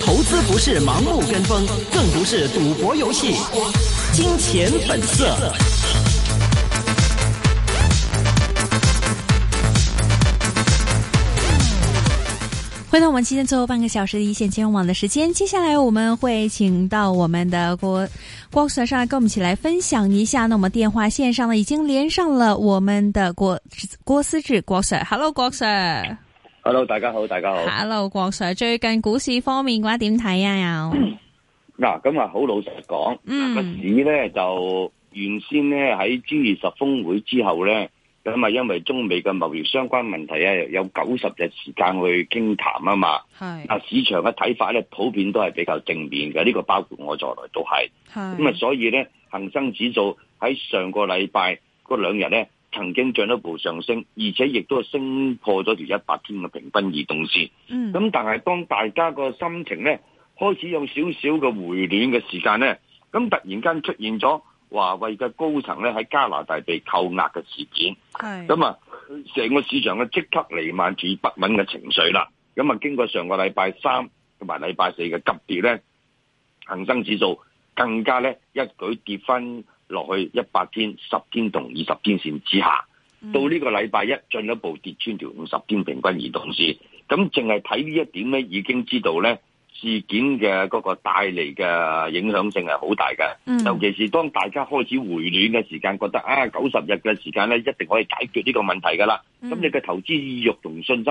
投資不是盲目跟風，更不是賭博遊戲，金錢本色。回到我們今天最後半個小時的一線金融網的時間，接下來我們會請到我們的郭郭 Sir 上來跟我們一起來分享一下。那我們電話線上呢已經連上了我們的郭郭思治郭 Sir，Hello，郭 Sir。hello，大家好，大家好。hello，郭 Sir，最近股市方面嘅話點睇啊？有嗱，咁啊，好 老實講，個、嗯、市咧就原先咧喺 G 二十峰會之後咧，咁啊，因為中美嘅貿易相關問題啊，有九十日時間去傾談啊嘛。係。嗱，市場嘅睇法咧，普遍都係比較正面嘅，呢、這個包括我在內都係。咁啊，所以咧，恒生指數喺上個禮拜嗰兩日咧。曾經進一步上升，而且亦都係升破咗條一百天嘅平均移動線。咁、嗯、但係當大家個心情咧開始有少少嘅回暖嘅時間咧，咁突然間出現咗華為嘅高層咧喺加拿大被扣押嘅事件，咁啊，成個市場嘅即刻瀰漫住不穩嘅情緒啦。咁啊，經過上個禮拜三同埋禮拜四嘅急跌咧，恒生指數更加咧一舉跌翻落去一百天、十天同二十天線之下，到呢個禮拜一進一步跌穿條五十天平均移動線，咁淨係睇呢一點咧，已經知道咧事件嘅嗰個帶嚟嘅影響性係好大嘅，嗯。尤其是當大家開始回暖嘅時間，覺得啊九十日嘅時間咧一定可以解決呢個問題㗎啦。咁你嘅投資意欲同信心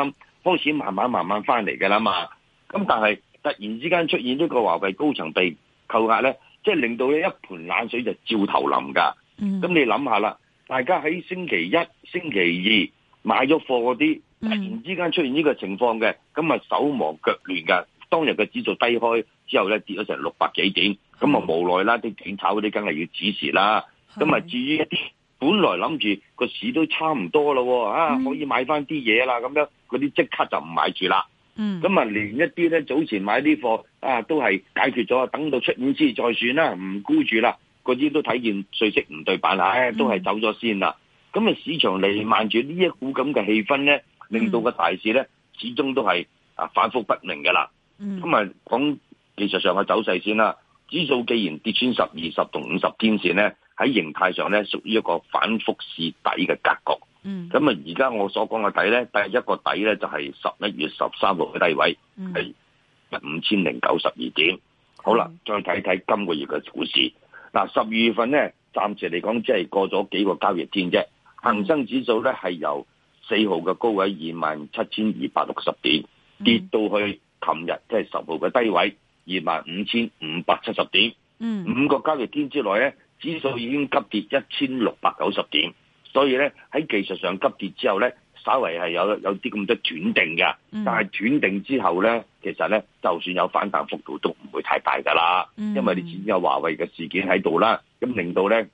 開始慢慢慢慢翻嚟㗎啦嘛。咁但係突然之間出現呢個華為高層被扣押咧。即係令到一盆冷水就照頭淋噶，咁、嗯、你諗下啦，大家喺星期一、星期二買咗貨嗰啲，突然之間出現呢個情況嘅，咁、嗯、啊手忙腳亂噶，當日嘅指數低開之後咧跌咗成六百幾點，咁啊無奈啦，啲短炒嗰啲梗係要止蝕啦，咁啊至於一啲本來諗住個市都差唔多咯、嗯，啊可以買翻啲嘢啦，咁樣嗰啲即刻就唔買住啦，咁、嗯、啊連一啲咧早前買啲貨。啊，都係解決咗，等到出面先再算啦，唔顧住啦，嗰啲都睇見稅息唔對版啦，都係走咗先啦。咁、嗯、啊，市場彌漫住呢一股咁嘅氣氛咧、嗯，令到個大市咧始終都係啊反覆不明噶啦。咁、嗯、啊，講技術上嘅走勢先啦，指數既然跌穿十二十同五十天線咧，喺形態上咧屬於一個反覆試底嘅格局。咁、嗯、啊，而家我所講嘅底咧，第一個底咧就係十一月十三號嘅低位。嗯。五千零九十二點，好啦，再睇睇今個月嘅股市。嗱，十二月份咧，暫時嚟講，即係過咗幾個交易天啫。恒生指數咧，係由四號嘅高位二萬七千二百六十點，跌到去琴日，即係十號嘅低位二萬五千五百七十點。嗯，五個交易天之內咧，指數已經急跌一千六百九十點，所以咧喺技術上急跌之後咧。稍微係有有啲咁多斷定嘅，但係斷定之後咧，其實咧就算有反彈幅度都唔會太大噶啦，因為你只有華為嘅事件喺度啦，咁令到咧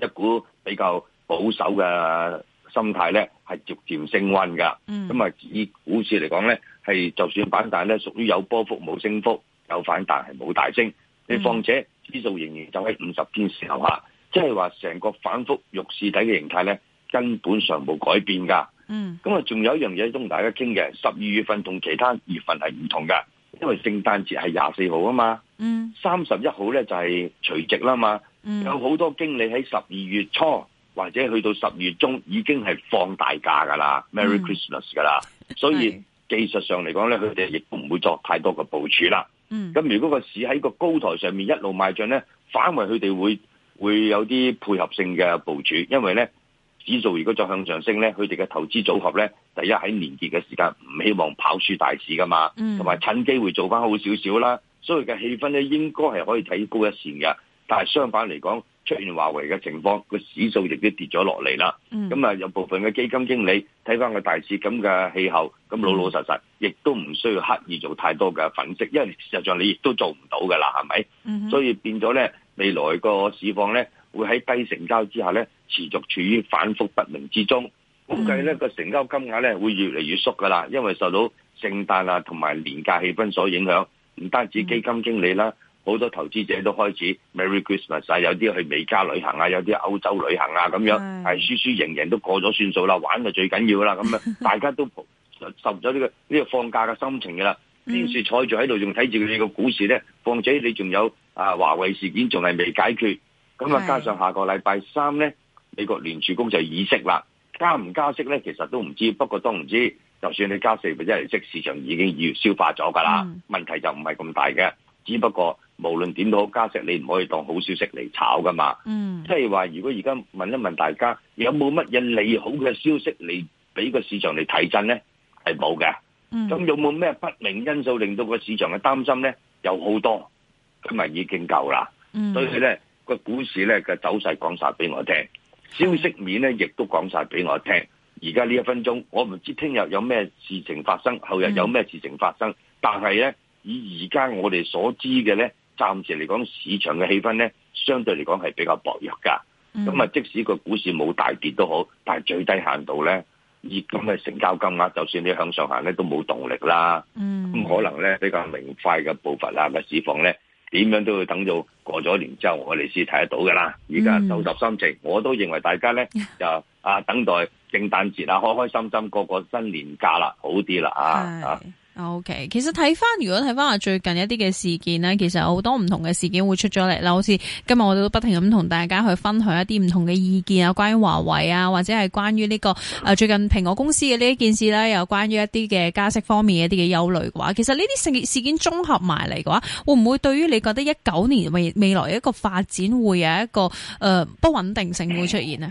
一股比較保守嘅心態咧係逐漸升溫㗎。咁啊，以股市嚟講咧，係就算反彈咧，屬於有波幅冇升幅，有反彈係冇大升。你、嗯、況且指數仍然就喺五十天線下，即係話成個反覆弱市底嘅形態咧。根本上冇改變㗎。嗯，咁啊，仲有一樣嘢都同大家傾嘅，十二月份同其他月份係唔同㗎，因為聖誕節係廿四號啊嘛。嗯，三十一號咧就係除夕啦嘛。嗯、有好多經理喺十二月初或者去到十二月中已經係放大假㗎啦，Merry Christmas 㗎啦。所以技術上嚟講咧，佢哋亦唔會作太多嘅部署啦。嗯，咁、嗯、如果個市喺個高台上面一路賣進咧，反為佢哋會會有啲配合性嘅部署，因為咧。指數如果再向上升咧，佢哋嘅投資組合咧，第一喺年結嘅時間唔希望跑輸大市噶嘛，同埋 Mm-hmm. 趁機會做翻好少少啦。所以嘅氣氛咧，應該係可以睇高一線嘅。但係相反嚟講，出現華為嘅情況，個指數亦都跌咗落嚟啦。咁啊，有部分嘅基金經理睇翻個大市咁嘅氣候，咁老老實實，亦都唔需要刻意做太多嘅粉飾，因為事實上你亦都做唔到噶啦，係咪？Mm-hmm. 所以變咗咧，未來個市況咧，會喺低成交之下咧，持續處於反覆不明之中。估計咧個成交金額咧會越嚟越縮噶啦，因為受到聖誕啊同埋年假氣氛所影響。唔單止基金經理啦，好、嗯、多投資者都開始 Merry Christmas、啊、有啲去美加旅行啊，有啲歐洲旅行啊，咁樣係輸輸盈盈都過咗算數啦，玩就最緊要啦。咁樣大家都受咗呢、這個呢 個放假嘅心情噶啦，先至坐住喺度，仲睇住你個股市咧。況且你仲有啊華為事件仲係未解決。咁啊，加上下個禮拜三咧，美國聯儲局就議息啦。加唔加息咧，其實都唔知。不過，都唔知，就算你加四 percent 息，市場已經消化咗㗎啦。問題就唔係咁大嘅，只不過無論點都好，加息，你唔可以當好消息嚟炒㗎嘛。即係話，如果而家問一問大家，有冇乜嘢利好嘅消息嚟俾個市場嚟睇真咧？係冇嘅。咁有冇咩不明因素令到個市場嘅擔心咧？有好多，咁咪已經夠啦、嗯。所以咧。個股市咧嘅走勢講晒俾我聽，消息面咧亦都講晒俾我聽。而家呢一分鐘，我唔知聽日有咩事情發生，後日有咩事情發生。但係咧，以而家我哋所知嘅咧，暫時嚟講，市場嘅氣氛咧，相對嚟講係比較薄弱噶。咁啊，即使個股市冇大跌都好，但係最低限度咧，而今嘅成交金額，就算你向上行咧，都冇動力啦。嗯，咁可能咧比較明快嘅步伐啦咪市況咧。點樣都要等到過咗年之後，我哋先睇得到㗎啦。而家就收拾心情、嗯，我都認為大家咧就啊等待聖誕節啊，開開心心過個,個新年假啦，好啲啦啊啊！啊 OK，其實睇翻，如果睇翻話最近一啲嘅事件呢，其實好多唔同嘅事件會出咗嚟啦。好似今日我哋都不停咁同大家去分享一啲唔同嘅意見啊，關於華為啊，或者係關於呢、這個誒最近蘋果公司嘅呢一件事咧，又關於一啲嘅加息方面一啲嘅憂慮嘅話，其實呢啲事件綜合埋嚟嘅話，會唔會對於你覺得一九年未未來一個發展會有一個誒、呃、不穩定性會出現咧？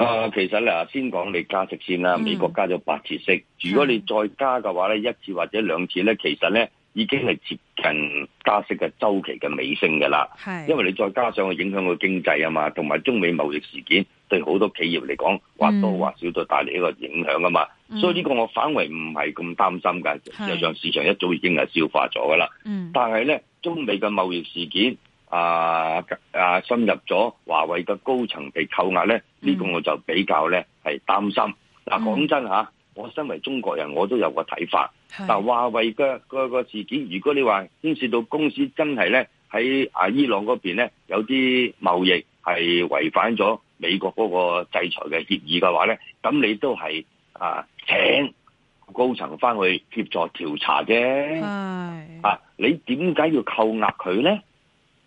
啊、嗯呃，其實嗱，先講你加息先啦。嗯、美國加咗八次息，如果你再加嘅話咧，一次或者兩次咧，其實咧已經係接近加息嘅周期嘅尾聲㗎啦。因為你再加上影響個經濟啊嘛，同埋中美貿易事件對好多企業嚟講，或多或少都帶嚟一個影響啊嘛、嗯。所以呢個我反為唔係咁擔心㗎，就像市場一早已經係消化咗㗎啦。嗯，但係咧，中美嘅貿易事件。啊啊！深入咗華為嘅高層被扣押咧，呢、嗯呢個我就比較咧係擔心。嗱、嗯，講真吓，我身為中國人，我都有個睇法。但華為嘅個事件，如果你話牽涉到公司真係咧喺啊伊朗嗰邊咧有啲貿易係違反咗美國嗰個制裁嘅協議嘅話咧，咁你都係啊請高層翻去協助調查啫。啊，你點解要扣押佢咧？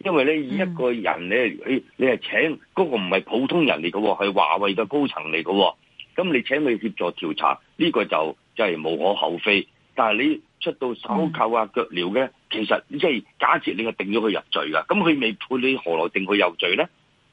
因為咧，一個人咧，你你係請嗰個唔係普通人嚟嘅，係華為嘅高層嚟嘅，咁你請佢協助調查，呢個就真係無可厚非。但係你出到手扣啊腳鐐嘅，嗯、其實即係假設你係定咗佢入罪嘅，咁佢未判你何來定佢有罪咧？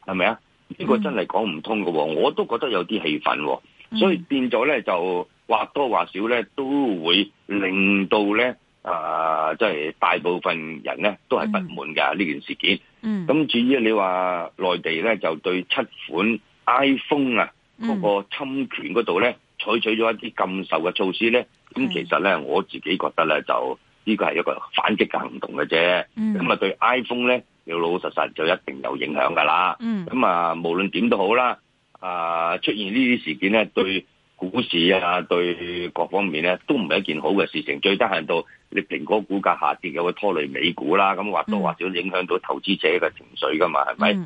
係咪啊？呢個真係講唔通嘅，我都覺得有啲氣憤，哦，所以變咗咧就或多或少咧都會令到咧。啊，即、就、係、是、大部分人咧都係不滿噶，呢件事件。咁、嗯、至於你話內地咧就對七款 iPhone 啊嗰、嗯，那個侵權嗰度咧採取咗一啲禁售嘅措施咧，咁、嗯、其實咧我自己覺得咧就呢個係一個反擊嘅行動嘅啫。咁、嗯、啊對 iPhone 咧要老老實實就一定有影響噶啦。咁、嗯、啊無論點都好啦，啊出現呢啲事件咧對嗯股市啊，對各方面咧都唔係一件好嘅事情。最低限度你蘋果股價下跌，又會拖累美股啦。咁或多或少影響到投資者嘅情緒噶嘛，係、嗯、咪？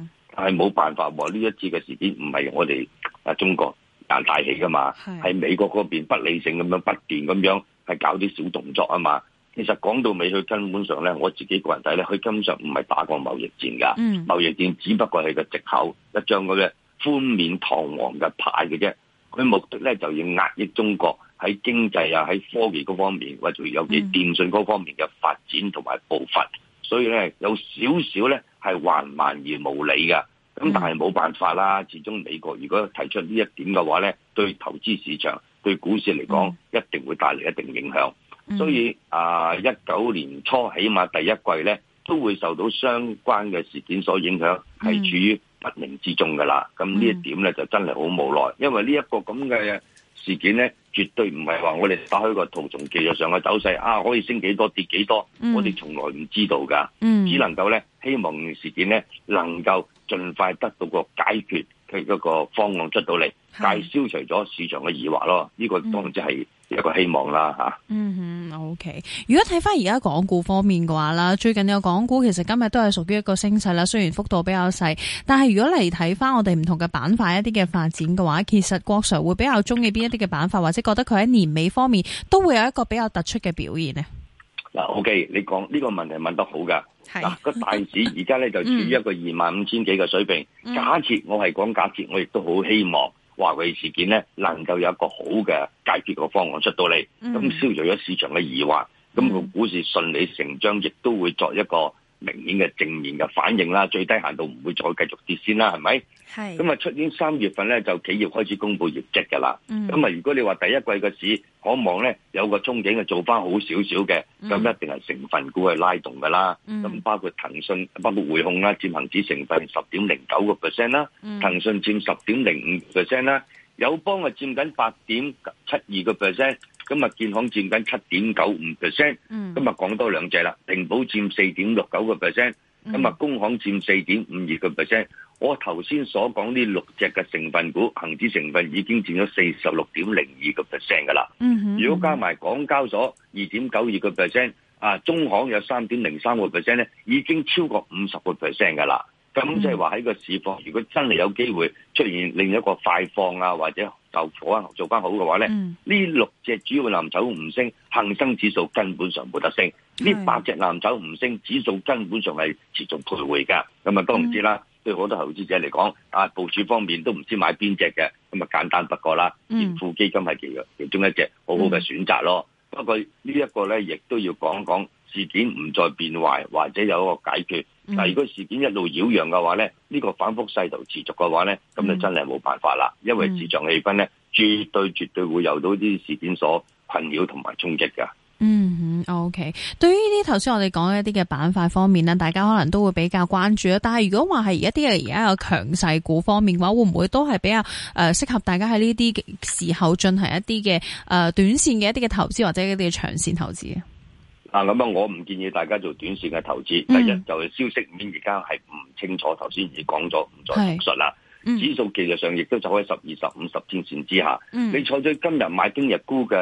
係冇辦法喎。呢一次嘅事件唔係我哋啊中國啊大氣噶嘛，喺美國嗰邊不理性咁樣不斷咁樣係搞啲小動作啊嘛。其實講到尾佢根本上咧，我自己個人睇咧，佢根本上唔係打過貿易戰㗎、嗯。貿易戰只不過係個藉口，一張嗰嘅冠冕堂皇嘅牌嘅啫。佢目的咧就要壓抑中國喺經濟啊、喺科技嗰方面，或者有啲電信嗰方面嘅發展同埋步伐，嗯、所以咧有少少咧係緩慢而無理嘅。咁、嗯、但係冇辦法啦，始終美國如果提出呢一點嘅話咧，對投資市場、對股市嚟講、嗯，一定會帶嚟一定影響。嗯、所以啊，呃、一九年初起碼第一季咧，都會受到相關嘅事件所影響，係、嗯、處於不明之中噶啦，咁呢一點咧、嗯、就真係好無奈，因為呢一個咁嘅事件咧，絕對唔係話我哋打開個圖從技術上嘅走勢啊，可以升幾多跌幾多、嗯，我哋從來唔知道噶、嗯，只能夠咧希望事件咧能夠盡快得到個解決嘅一個方案出到嚟，但係消除咗市場嘅疑惑咯，呢、這個當然之係。有一個希望啦吓。嗯哼、okay。如果睇翻而家港股方面嘅話啦，最近有港股其實今日都係屬於一個升勢啦。雖然幅度比較細，但係如果嚟睇翻我哋唔同嘅板塊一啲嘅發展嘅話，其實郭 Sir 會比較中意邊一啲嘅板塊，或者覺得佢喺年尾方面都會有一個比較突出嘅表現呢？嗱，O K，你講呢個問題問得好噶。嗱， 個大市而家咧就處於一個二萬五千幾嘅水平。嗯、假設我係講假設，我亦都好希望。華為事件咧，能夠有一個好嘅解決個方案出到嚟，咁消除咗市場嘅疑惑，咁個股市順理成章，嗯、亦都會作一個。明顯嘅正面嘅反應啦，最低限度唔會再繼續跌先啦，係咪？係。咁啊，出年三月份咧就企業開始公布業績㗎啦。咁、嗯、啊，如果你話第一季嘅市可望咧有個憧憬嘅做返好少少嘅，咁一定係成分股係拉動㗎啦。咁、嗯、包括騰訊，包括匯控啦，佔恆指成分十點零九個 percent 啦。嗯。騰訊佔十點零五 percent 啦，友邦啊佔緊八點七二個 percent。今日建行佔緊七點九五 percent，今日講多兩隻啦，平保佔四點六九個 percent，今日工行佔四點五二個 percent。我頭先所講呢六隻嘅成分股，恒指成分已經佔咗四十六點零二個 percent 噶啦。如果加埋港交所二點九二個 percent，啊，中行有三點零三個 percent 咧，已經超過五十個 percent 噶啦。咁即係話喺個市況，如果真係有機會出現另一個快放啊，或者救火啊做、嗯，做翻好嘅話咧，呢六隻主要藍籌唔升，恒生指數根本上冇得升；呢八隻藍籌唔升，指數根本上係持續徘徊噶。咁啊，都唔知啦。嗯、對好多投資者嚟講，啊，部署方面都唔知買邊隻嘅。咁啊，簡單不過啦。盈富基金係其其中一隻好好嘅選擇咯、嗯嗯。不過呢一個咧，亦都要講講事件唔再變壞，或者有一個解決。但、嗯、如果事件一路擾攘嘅話咧，呢、呢個反覆勢頭持續嘅話咧，咁就真係冇辦法啦、嗯，因為市場氣氛咧，絕對絕對會由到啲事件所困擾同埋衝擊噶。嗯，嗯，OK。對於呢啲頭先我哋講一啲嘅板塊方面咧，大家可能都會比較關注啊。但係如果話係一啲嘅而家有強勢股方面嘅話，會唔會都係比較誒適合大家喺呢啲時候進行一啲嘅誒短線嘅一啲嘅投資或者一啲嘅長線投資啊？啊，咁啊，我唔建議大家做短線嘅投資。嗯、第一就係消息面，而家係唔清楚。頭先已講咗，唔再重述啦。指數技術上亦都走喺十二、十五、十天線之下。嗯、你採取今日買聽日沽嘅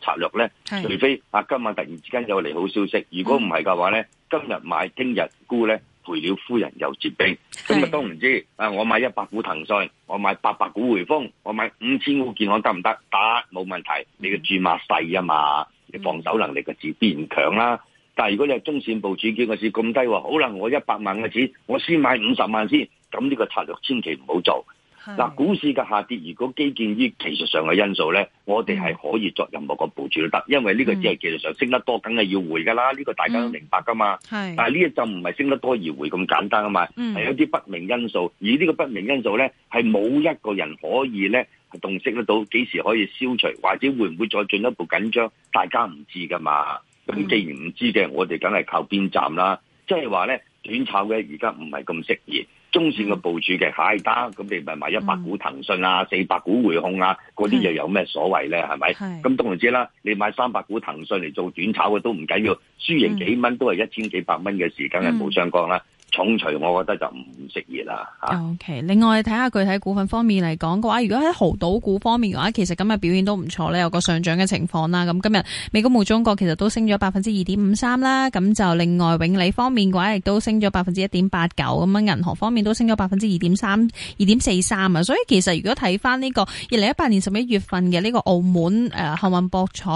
策略咧，除非啊今晚突然之間有利好消息。如果唔係嘅話咧，今日買聽日沽咧，賠了夫人又折兵。今日都唔知啊，我買一百股騰訊，我買八百股匯豐，我買五千股建行得唔得？打，冇問題。你嘅注碼細啊嘛。你防守能力嘅字變強啦，但係如果你係中線部署見個市咁低，好啦，我一百萬嘅錢，我先買五十萬先，咁呢個策略千祈唔好做。嗱、啊，股市嘅下跌，如果基建於技術上嘅因素咧，我哋係可以作任何個部署都得，因為呢個只係技術上升得多，梗係要回噶啦，呢、這個大家都明白噶嘛。係，但係呢一就唔係升得多而回咁簡單啊嘛，係有啲不明因素，而呢個不明因素咧，係冇一個人可以咧。係洞悉得到幾時可以消除，或者會唔會再進一步緊張？大家唔知噶嘛。咁既然唔知嘅，我哋梗係靠邊站啦。即係話咧，短炒嘅而家唔係咁適宜，中線嘅部署嘅，嗨得咁你咪買一百股騰訊啊，四百股匯控啊，嗰啲又有咩所謂咧？係咪？咁當然知啦，你買三百股騰訊嚟做短炒嘅都唔緊要，輸贏幾蚊都係一千幾百蚊嘅時間係冇相干啦。重除，我覺得就唔適宜啦 OK，另外睇下具體股份方面嚟講嘅話，如果喺濠賭股方面嘅話，其實今日表現都唔錯咧，有個上漲嘅情況啦。咁今日美高梅中國其實都升咗百分之二點五三啦。咁就另外永利方面嘅話，亦都升咗百分之一點八九咁樣。銀行方面都升咗百分之二點三、二點四三啊。所以其實如果睇返呢個二零一八年十一月份嘅呢個澳門誒幸運博彩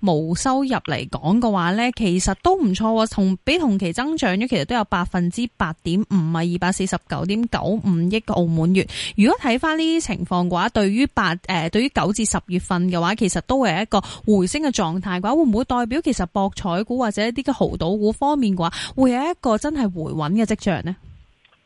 無收入嚟講嘅話呢，其實都唔錯喎，同比同期增長咗，其實都有百分之。八點五，咪二百四十九點九五億個澳門元。如果睇翻呢啲情況嘅話，對於八誒，對於九至十月份嘅話，其實都係一個回升嘅狀態嘅話，會唔會代表其實博彩股或者一啲嘅濠賭股方面嘅話，會有一個真係回穩嘅跡象呢？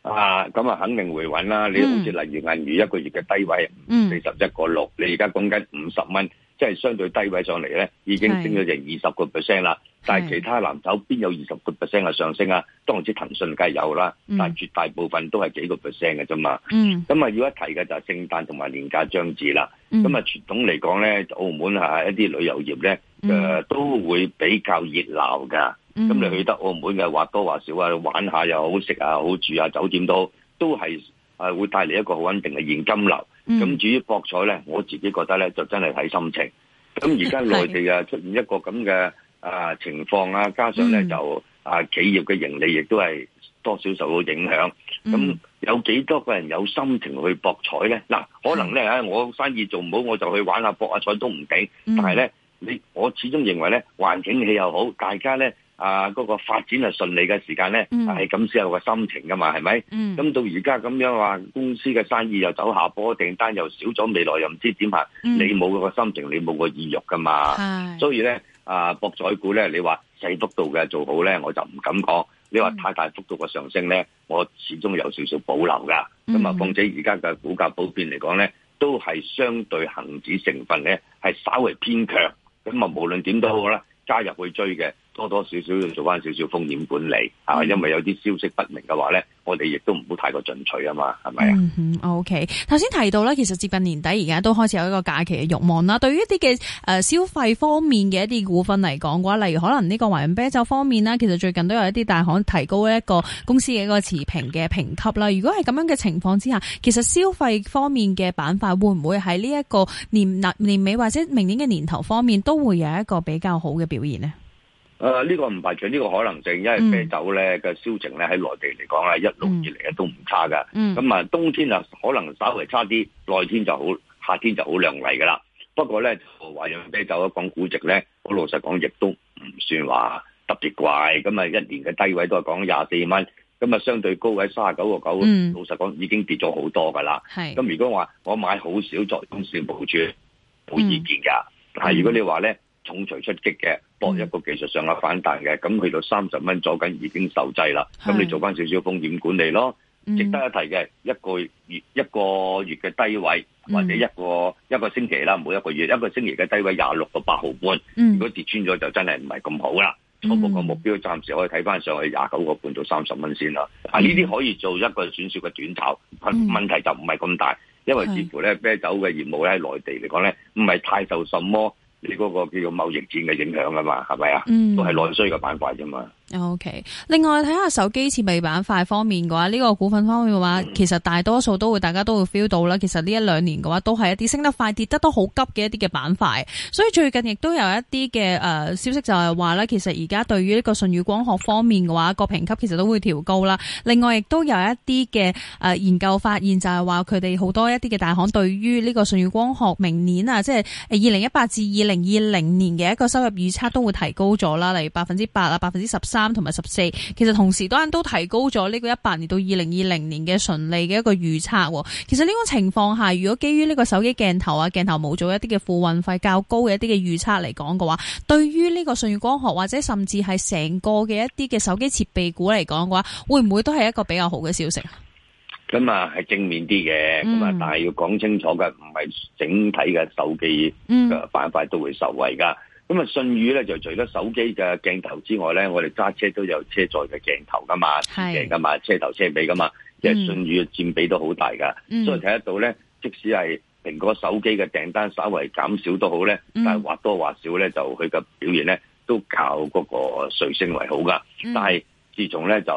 啊，咁啊肯定回穩啦！你好似例如銀娛一個月嘅低位，四十一個六，.6, 你而家講緊五十蚊。即係相對低位上嚟咧，已經升咗成二十個 percent 啦。但係其他藍籌邊有二十個 percent 嘅上升啊？當然之騰訊梗係有啦，嗯、但係絕大部分都係幾個 percent 嘅啫嘛。咁、嗯、啊，要一提嘅就係聖誕同埋年假將至啦。咁、嗯、啊，傳統嚟講咧，澳門係一啲旅遊業咧，誒、嗯呃、都會比較熱鬧噶。咁、嗯、你去得澳門嘅話多話少啊，玩一下又好吃、啊，食啊好住啊，酒店都都係誒會帶嚟一個好穩定嘅現金流。咁、嗯、至於博彩呢，我自己覺得呢就真係睇心情。咁而家內地啊出現一個咁嘅啊情況啊，加上呢、嗯、就啊企業嘅盈利亦都係多少受到影響。咁有幾多個人有心情去博彩呢？嗱、啊，可能呢、嗯、我生意做唔好，我就去玩下博下彩都唔定。但係呢，你我始終認為呢環境氣又好，大家呢。啊，嗰、那個發展係順利嘅時間咧，係咁先有個心情噶嘛，係咪？咁、嗯、到而家咁樣話，公司嘅生意又走下坡定，訂單又少咗，未來又唔知點下、嗯、你冇個心情，你冇個意欲噶嘛。所以咧，啊博彩股咧，你話細幅度嘅做好咧，我就唔敢講、嗯。你話太大幅度嘅上升咧，我始終有少少保留噶。咁、嗯、啊，況且而家嘅股價普遍嚟講咧，都係相對恒指成分咧係稍微偏強。咁啊，無論點都好啦，加入去追嘅。多多少少要做翻少少風險管理，係咪？因為有啲消息不明嘅話呢，我哋亦都唔好太過進取啊嘛，係咪啊？嗯，OK。頭先提到呢，其實接近年底而家都開始有一個假期嘅欲望啦。對於一啲嘅誒消費方面嘅一啲股份嚟講嘅話，例如可能呢個華潤啤酒方面呢，其實最近都有一啲大行提高一個公司嘅一個持平嘅評級啦。如果係咁樣嘅情況之下，其實消費方面嘅板塊會唔會喺呢一個年年尾或者明年嘅年頭方面都會有一個比較好嘅表現呢？誒、呃、呢、這個唔排除呢、這個可能性，因為啤酒咧嘅銷情咧喺內地嚟講啊，一路以嚟啊都唔差噶。咁、嗯、啊，冬天啊可能稍微差啲，內天就好，夏天就好靚麗噶啦。不過咧，華潤啤酒咧講估值咧，我老實講亦都唔算話特別貴。咁啊，一年嘅低位都係講廿四蚊，咁啊相對高位卅九個九，老實講已經跌咗好多噶啦。咁如果話我買好少作短線部署，冇意見噶、嗯。但係如果你話咧，重錘出擊嘅搏一個技術上嘅反彈嘅，咁去到三十蚊左緊已經受制啦。咁你做翻少少風險管理咯、嗯，值得一提嘅一個月一個月嘅低位，或者一個、嗯、一個星期啦，每一個月一個星期嘅低位廿六到八毫半、嗯。如果跌穿咗就真係唔係咁好啦。初、嗯、步個目標暫時可以睇翻上去廿九個半到三十蚊先啦。啊、嗯，呢啲可以做一個短線嘅短炒、嗯，問題就唔係咁大、嗯，因為似乎咧啤酒嘅業務咧喺內地嚟講咧，唔係太受什麼。你、那、嗰個叫做貿易戰嘅影響啊嘛，係咪啊？嗯。都係內需嘅板塊啫嘛。O、okay. K，另外睇下手機設備板塊方面嘅話，呢、這個股份方面嘅話、嗯，其實大多數都會，大家都會 feel 到啦。其實呢一兩年嘅話，都係一啲升得快跌、跌得都好急嘅一啲嘅板塊。所以最近亦都有一啲嘅誒消息就係話呢，其實而家對於呢個舜宇光學方面嘅話，個評級其實都會調高啦。另外亦都有一啲嘅誒研究發現就係話，佢哋好多一啲嘅大行對於呢個舜宇光學明年啊，即係二零一八至二零二零年嘅一個收入預測都會提高咗啦，例如百分之八啊，百分之十三。三同埋十四，其實同時當然都提高咗呢個一八年到二零二零年嘅純利嘅一個預測。其實呢個情況下，如果基於呢個手機鏡頭啊、鏡頭模組一啲嘅付運費較高嘅一啲嘅預測嚟講嘅話，對於呢個信宇光學或者甚至係成個嘅一啲嘅手機設備股嚟講嘅話，會唔會都係一個比較好嘅消息啊？咁、嗯、啊，係正面啲嘅，咁啊，但係要講清楚嘅，唔係整體嘅手機嘅板塊都會受惠噶。咁啊，舜宇咧就除咗手機嘅鏡頭之外咧，我哋揸車都有車載嘅鏡頭噶嘛，係噶嘛，車頭車尾噶嘛，即、嗯、係舜宇佔比都好大噶，嗯、所以睇得到咧，即使係蘋果手機嘅訂單稍為減少都好咧，嗯、但係或多或少咧，就佢嘅表現咧都較嗰個瑞聲為好噶，嗯、但係。自從咧就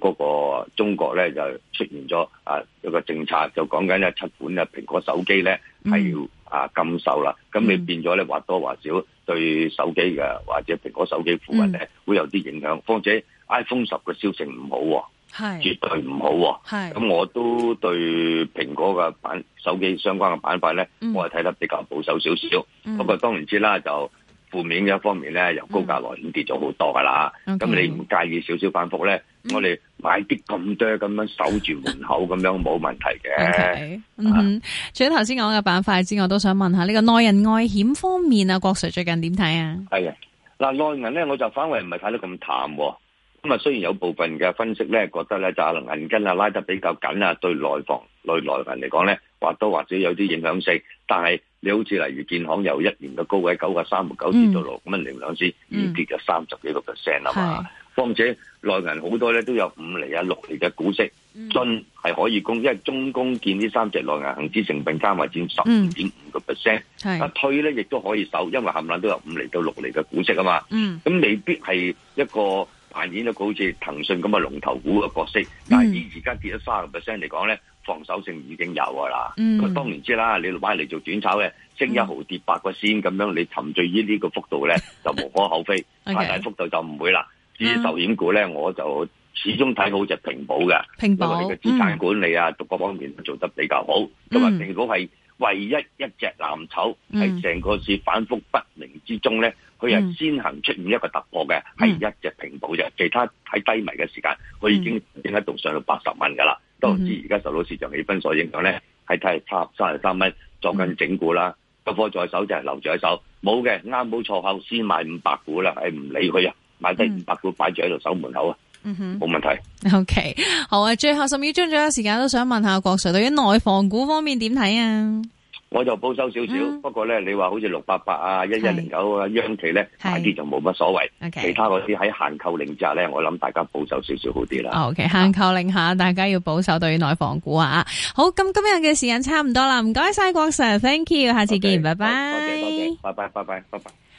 嗰、那個中國咧就出現咗啊一個政策，就講緊一七款嘅蘋果手機咧係、嗯、要啊禁售啦。咁你變咗咧或多或少對手機嘅或者蘋果手機附近咧、嗯、會有啲影響。況且 iPhone 十嘅銷情唔好、哦，喎，絕對唔好、哦。喎。咁我都對蘋果嘅版手機相關嘅板塊咧，我係睇得比較保守少少。不、嗯、過當然之啦就。負面嘅一方面咧，由高價嚟已經跌咗好多噶啦。咁、嗯、你唔介意少少反覆咧、嗯，我哋買啲咁多咁樣守住門口咁樣冇問題嘅。嗯，嗯，除咗頭先講嘅板塊之外，我都想問一下呢、這個內銀外險方面啊，郭 Sir 最近點睇啊？係啊，嗱內銀咧，我就反為唔係睇得咁淡。咁啊，雖然有部分嘅分析咧，覺得咧就銀根啊拉得比較緊啊，對內房。內內銀嚟講咧，或多或少有啲影響性。但係你好似例如建行由一年嘅高位九、嗯、個三毫九跌到六，咁樣零兩先，已跌咗三十幾個 percent 啊嘛。況且內銀好多咧都有五厘啊六厘嘅股息，進、嗯、係可以攻，因為中工建呢三隻內銀恆指成分加埋佔十五點五個 percent。係啊，退咧亦都可以守，因為冚唪唥都有五厘到六厘嘅股息啊嘛。嗯，咁未必係一個。扮演一個好似騰訊咁嘅龍頭股嘅角色，但係依而家跌咗三十個 percent 嚟講咧，防守性已經有啊啦。咁、嗯、當然知啦，你買嚟做短炒嘅，升一毫跌八個仙咁樣，你沉醉於呢個幅度咧就無可厚非。太 大、okay, 幅度就唔會啦。至於壽險股咧，我就始終睇好就平保嘅，因為你嘅資產管理啊、嗯，各方面做得比較好。今、嗯、日平保係。唯一一隻藍籌係成個市反覆不明之中咧，佢係先行出現一個突破嘅，係、嗯、一隻平保啫。其他喺低迷嘅時間，佢、嗯、已經已喺度上到八十蚊噶啦。都唔知而家受到市場氣氛所影響咧，係睇差三十三蚊作緊整固啦。個貨手是在手就係留住喺手，冇嘅啱好錯口，先買五百股啦。誒，唔理佢啊，買低五百股擺住喺度守門口啊。嗯哼，冇問題。O、okay, K，好啊，最後十秒鐘左右時間都想問一下郭 Sir，對於內房股方面點睇啊？我就保守少少、嗯，不過咧，你話好似六八八啊、一一零九啊、央企咧，大啲就冇乜所謂。Okay, 其他嗰啲喺限購令之下咧，我諗大家保守少少好啲啦。O K，限購令下，大家要保守對於內房股啊。好，咁今日嘅時間差唔多啦，唔該晒郭 Sir，Thank、okay, you，下次見，拜、okay, 拜。拜、okay, 拜、okay,，拜拜，拜拜。